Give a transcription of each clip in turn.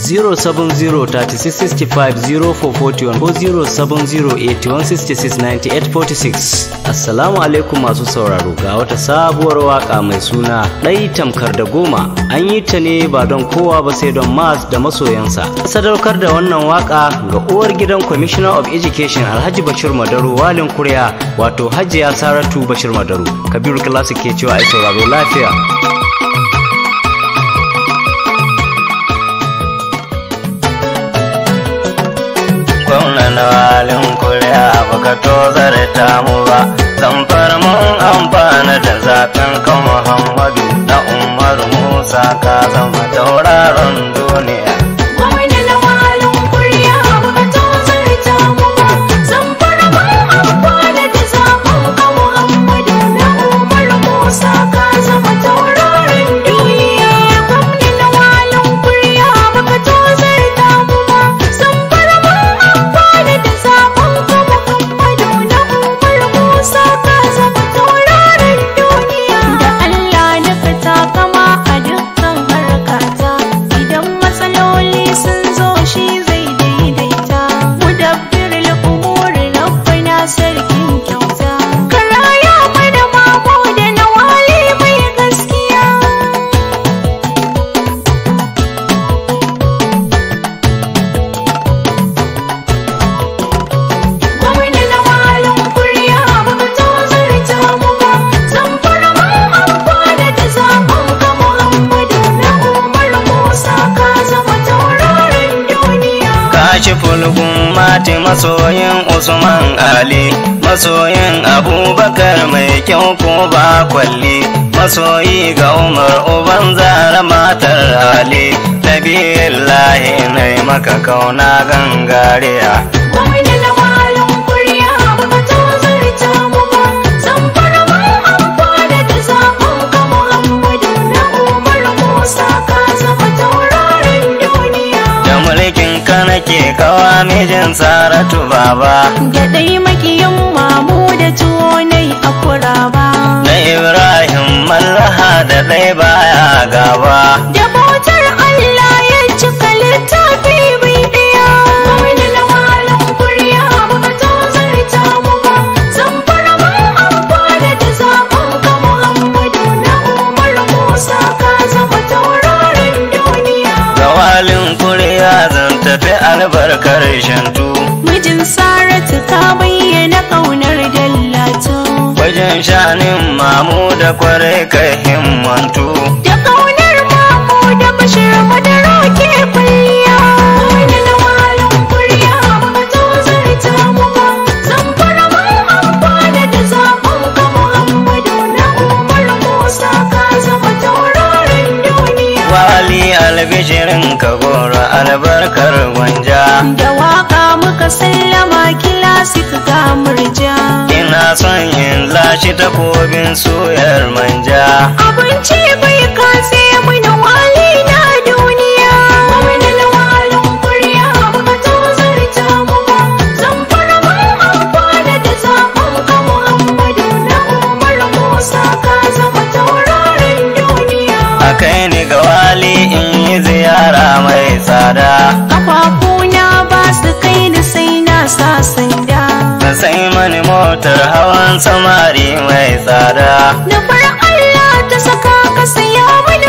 070 ko 070 Assalamu alaikum masu sauraro ga wata sabuwar waka mai suna ɗai tamkar da goma an yi ta ne ba don kowa ba sai don mas da masoyansa sadaukar da wannan waka ga uwar gidan commissioner of education alhaji bashir madaru walin kurya wato hajiya saratu bashir madaru kabiru classic ke cewa ai sauraro lafiya na halin kuriya baka to ta mu ba zamfar mun amfana da zaben kan muhammadu na umar musa ka zama daura. Usman Ali masoyin Abubakar mai kyau ko ba kwalli masoyi ga Umar uban zara matar Ali Nabi ne maka kauna gangariya ke kawa mijin saratu baba da ɗai makiyin mamu da tuwo nai a na Na ibrahim mallaha da ɗai baya gaba albarkar shantu mijin saratu ta bayyana ƙaunar dallatu wajen shanin mamu da kwarai ka himmantu gishirin ka gora albarkar gwanja da waka muka sallama kilasik ta murja ina son yin lashe takobin soyar manja abinci bai kase mini wali Kafafuna ba su kai da sai na sa sanda Ka sai mani motar hawan samari mai tsada Da fara Allah ta saka ka saya mani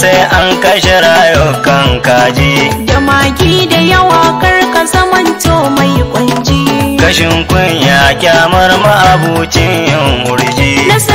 sai an kashe rayukan kaji da magi da yawa karka zamanto mai kwanji kashin kunya kyamar ma'abucin yin murji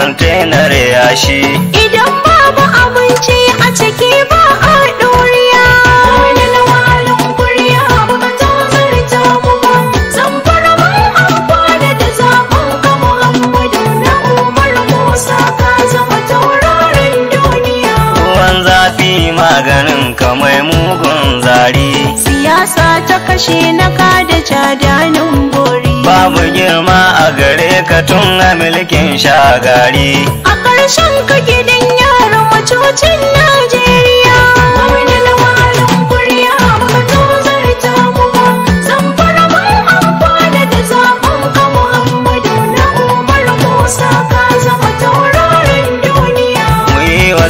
Kontenar yashi. Idan babu abinci a ciki, ba a ɗoriya. A wani lawalin ƙuri'a ba ta zama littafi ba. Zambarauwan amfani da zafin kamun Amadu na Umar wa Musa ka zama taurarin duniya. Kowanne zafi maganin ka mai mugun zari. Siyasa ta kashe na kada jadanin gore. babu girma a gare ka tun a milkin shagari a ƙarshen ka gidan yaran macocin najeriya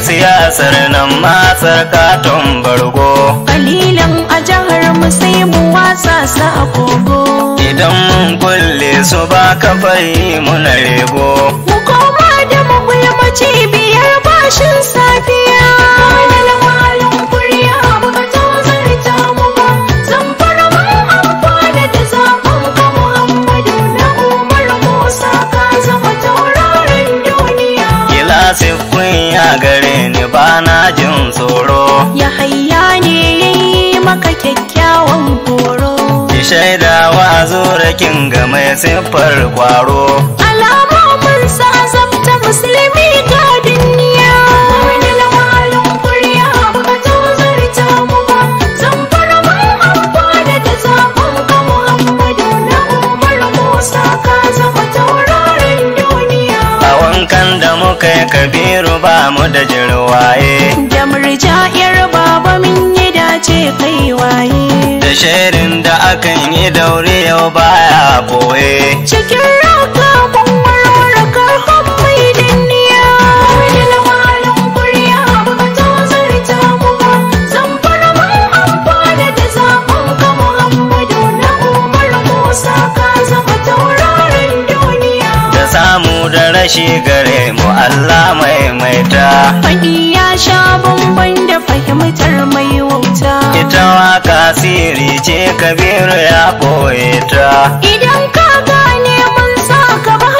siyasar nan matsar katon bargo kalilan a jihar mu sai mu wasa su a idan mun kulle su ba ka muna rego mu koma da mu biyar bashin sa turakin ga mai siffar kwaro alamomin sa azabta musulmi ta duniya wani lamalin kuriya ba ta zarta mu ba zan fara mamma da ta zaɓin ka muhammadu na umar musa ka zama taurarin duniya a wankan da muka kabiru ba mu da jirwaye da murja ba ce kai waye da sharin da akan yi daure yau baya boye cikin ra'kamu. da rashi gare mu Allah maimaita. Faɗi ya sha bambam da fahimtar mai wauta. Ita waka siri ce Kabiru ya ɓoye ta. Idan ka gane mun sa ka ba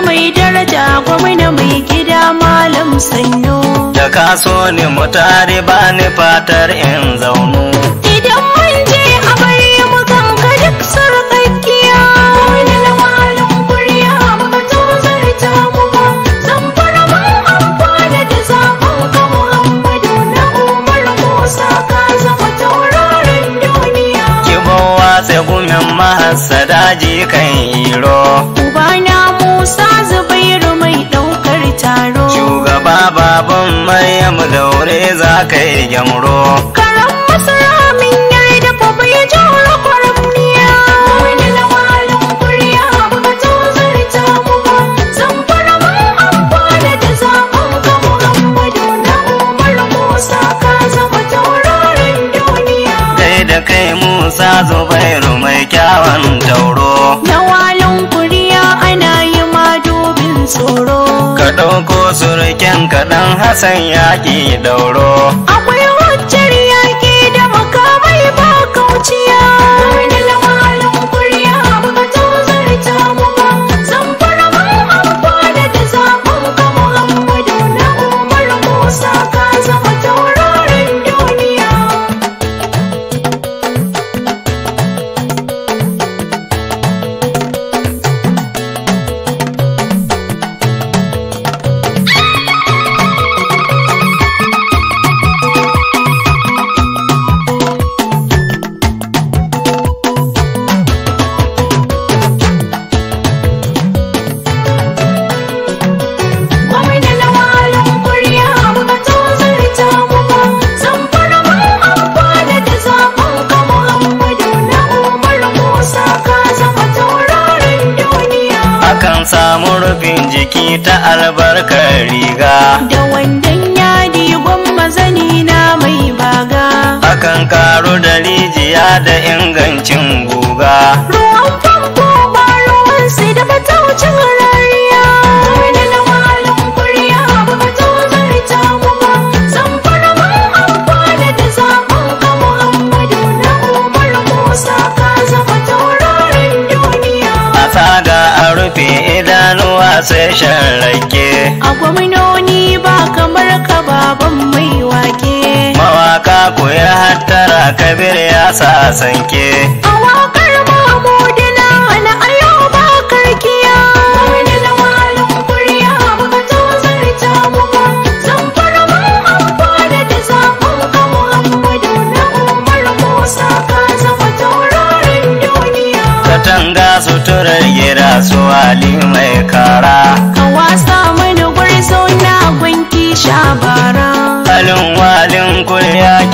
na mai daraja gwamna mai gida malam sanyo da ka so ni mutare ba ni fatar in zaunu idan mun je sadaji kan iro. Ubana Musa Zubairu mai ɗaukar taro. Shugaba baban Maryam daure za ka yi gyamro. san yaƙi dauro. Akwai hujjar yaƙi da makamai ba kauciya. da ingancin guga ruwan famfo ba ruwan sai da fataucin rariya wani lamalin kuriya ba fito zarta kuma zan fara ma amfana da zafin ka muhammadu na umar musa ka zama taurarin duniya a tsada a rufe idanuwa sai shan rake a gwamnoni ba kamar ka baban mai wake mawaka koya Allah kabir ya sa sanke. Awakar mamudina na ayo ba karkiya. Wani da malin kuriya baka tozar ta mu ba. Zan fara ma amfana da zafin ka Muhammadu na Umar Musa ka zama taurarin duniya. Katanga suturar gira su Ali mai kara. Ka wasa mana gwarzo na gwanki shabara. Halin walin kuriya.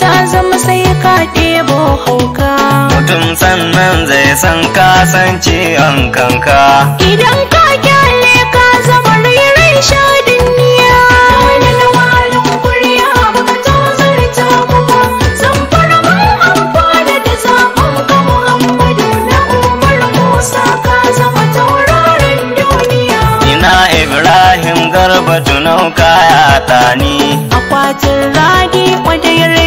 ta zama sai ka ɗebo hauka mutum sannan zai san kasance an kanka idan ka kyale ka zama rairai shadin niya wani na wani kuriya baka tozarta kuma zan fara mai amfana da zaɓen ka muhammadu na umar musa ka zama tauraron duniya ina ibrahim garba tunau kaya tani akwatin ragi wadayar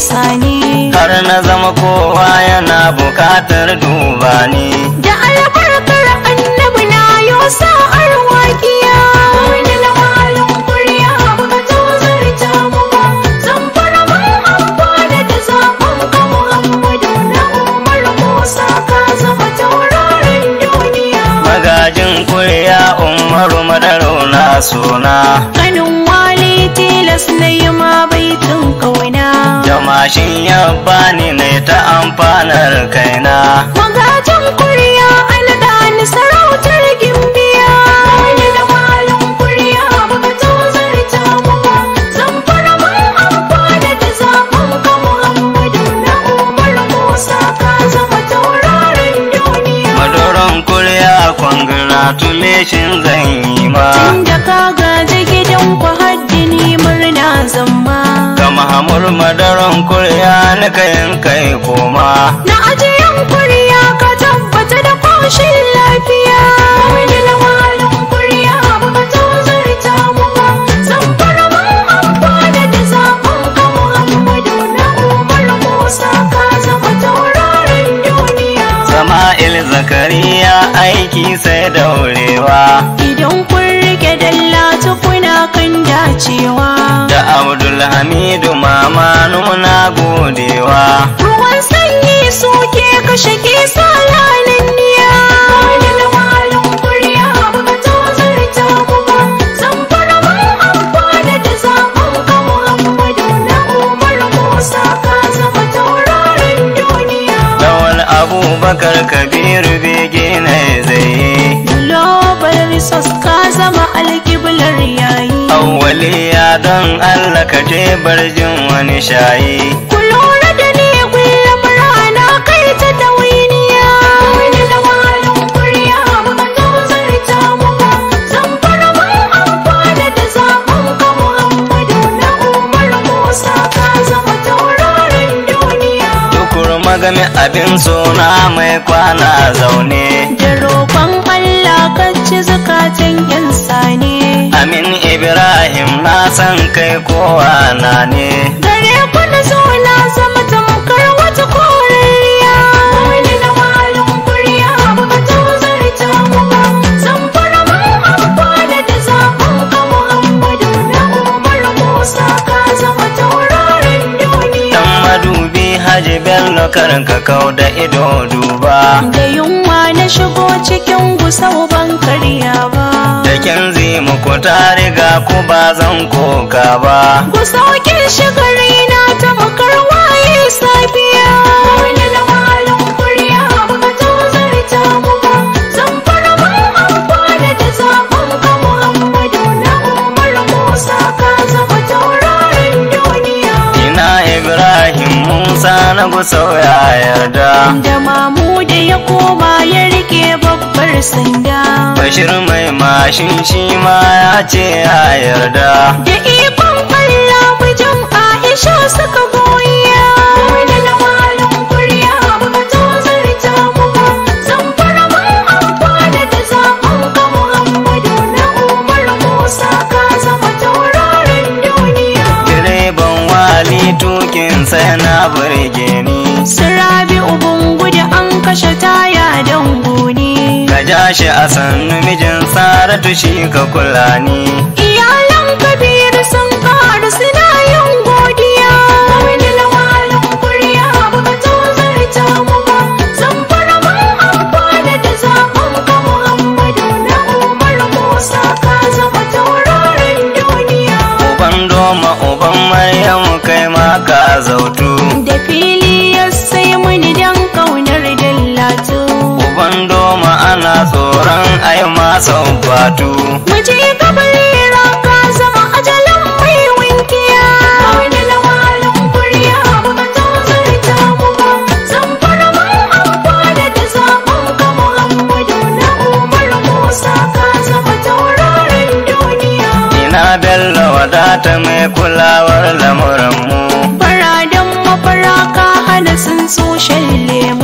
sani har na zama kowa yana bukatar duba ni da albarkar annabi na yo sa'ar wakiya wani lamalin kuriya baka tozarta mu ba zan fara mun amfana da zafin ka muhammadu na umar musa ka zama tauraron duniya magajin kuriya umaru madaro na suna tilas na yi ma baitin kauna da mashin ya bani ne ta amfanar kaina magajin kuriya an gani sarautar gimbiya wani da malin kuriya baka tozar ta zan fara mun da zafin kamu an na umar musa ka zama taurarin duniya madoron kuriya kwangiratulation zan yi ma tun da ka gaji gidan kwa ya zama ga mahamur madaran kurya na kayan kai koma na ajiyan kurya ka tabbata da koshin lafiya kariya aiki sai daurewa idan kun rike dallata kuna kan dacewa da abdulhamidu mama nuna godewa ruwan sanyi suke kashe kisa abubakar kabiru bege na zai global resource ka zama alkiblar yayi ya don allah ka je barjin wani shayi abin suna mai kwana zaune da roƙon Allah kacce zukatan yan amin ibrahim na san kai kowa na ne gare ku na ji Bello karin ka kau da ido duba. Da yunwa na shigo cikin gusau ban karya ba. Da kin zi muku ta riga ku ba zan koka ba. Gusau kin shigar na ta bakar waye safiya. sanagu sauya yarda da mamu da ya koma ya rike babbar sanda bashir mai mashin shi ma ya ce ya yarda da ikon Allah jam'a aisha suka tashi a sannu mijin saratu shi ka kula ni iyalan kabiru sun karu suna yin godiya wani lamalin kuriya baka tozarta mu ba zan fara man amfana da zaɓen ka muhammadu na umar musa ka zama tauraron duniya uban doma uban maryamu kai ma ka zautu da fili ya sai muni dan kaunar dillatu uban doma ana tsoron ai masa batu mu je kabari ranka zama ajalin mai winkiya wani lawalin kuriya ba ta mu ba zan fara mun amfana da zaɓen ka muhammadu na umar musa ka zama taurarin duniya ina bello wadata mai kulawar lamuranmu faradan mafaraka hana sun so shan lemu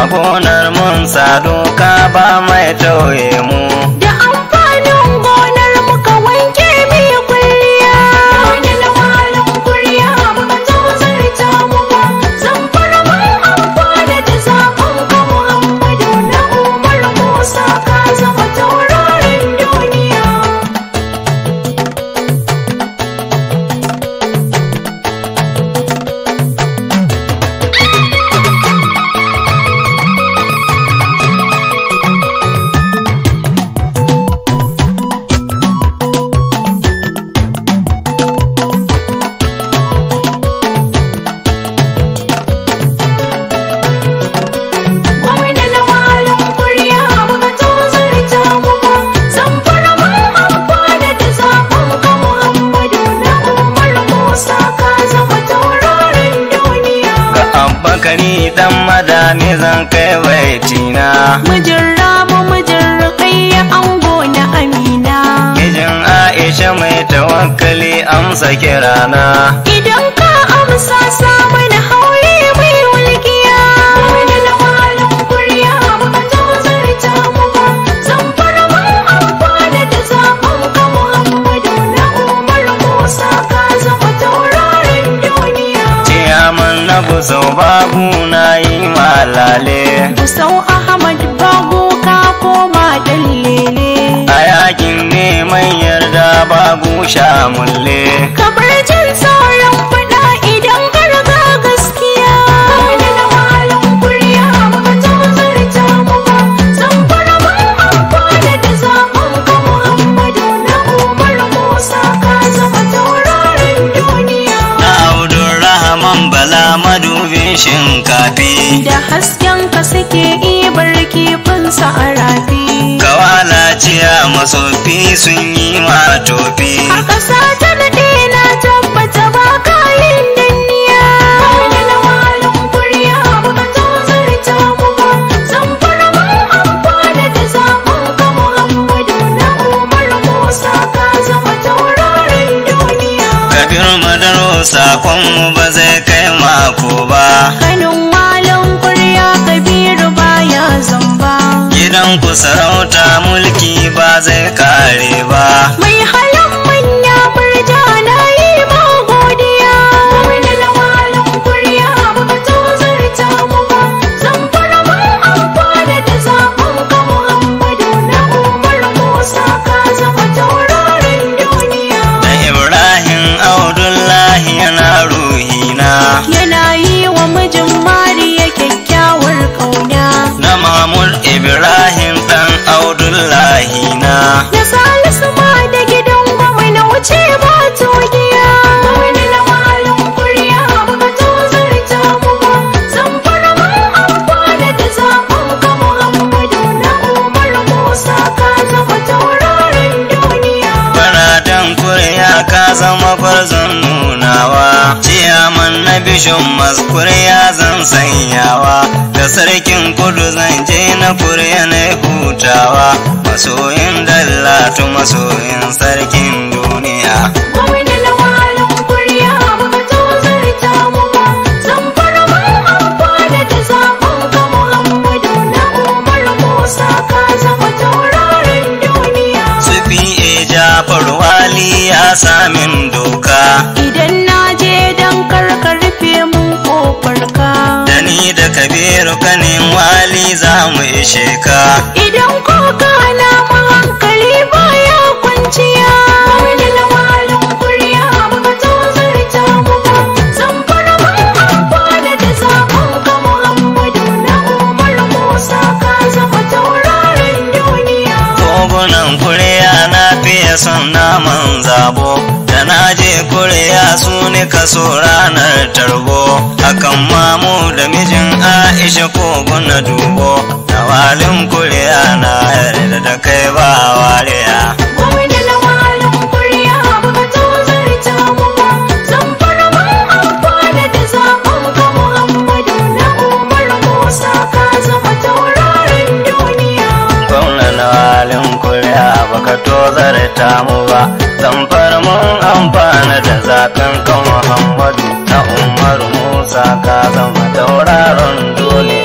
a gonar mun sadu ka ba mai tauye mu kani dan madami zan kai baitina mijin rabu mijin rukayya ango na amina mijin aisha mai tawakkali amsa kirana idan ka amsa sa. zau babu na yi malale sau ahmad babu ka koma dalile a yakin neman yarda babu shamulle hasken ka suke barki kifinsa a rafi kawala ciya masofi sun yi ma ku sarauta mulki ba zai kare ba na. Ya zama farzan nunawa ciyaman na bishin maskur ya zan sanyawa da sarkin kudu zan je na kurya na hutawa masoyin dallatu masoyin sarkin duniya sa samin doka idan na je dan rufe mun kofar ka da ni da kabiru kanin wali za mu ishe ka idan ko kana ke son naman zabo da na je kuriya su ne kaso ranar tarbo akan mamu da mijin aisha kogon na dubo da walin kuriya na yarda da kai ba wariya ta mu ba zamfar mun amfana da zakan kan muhammadu na umar musa ka zama tauraron dole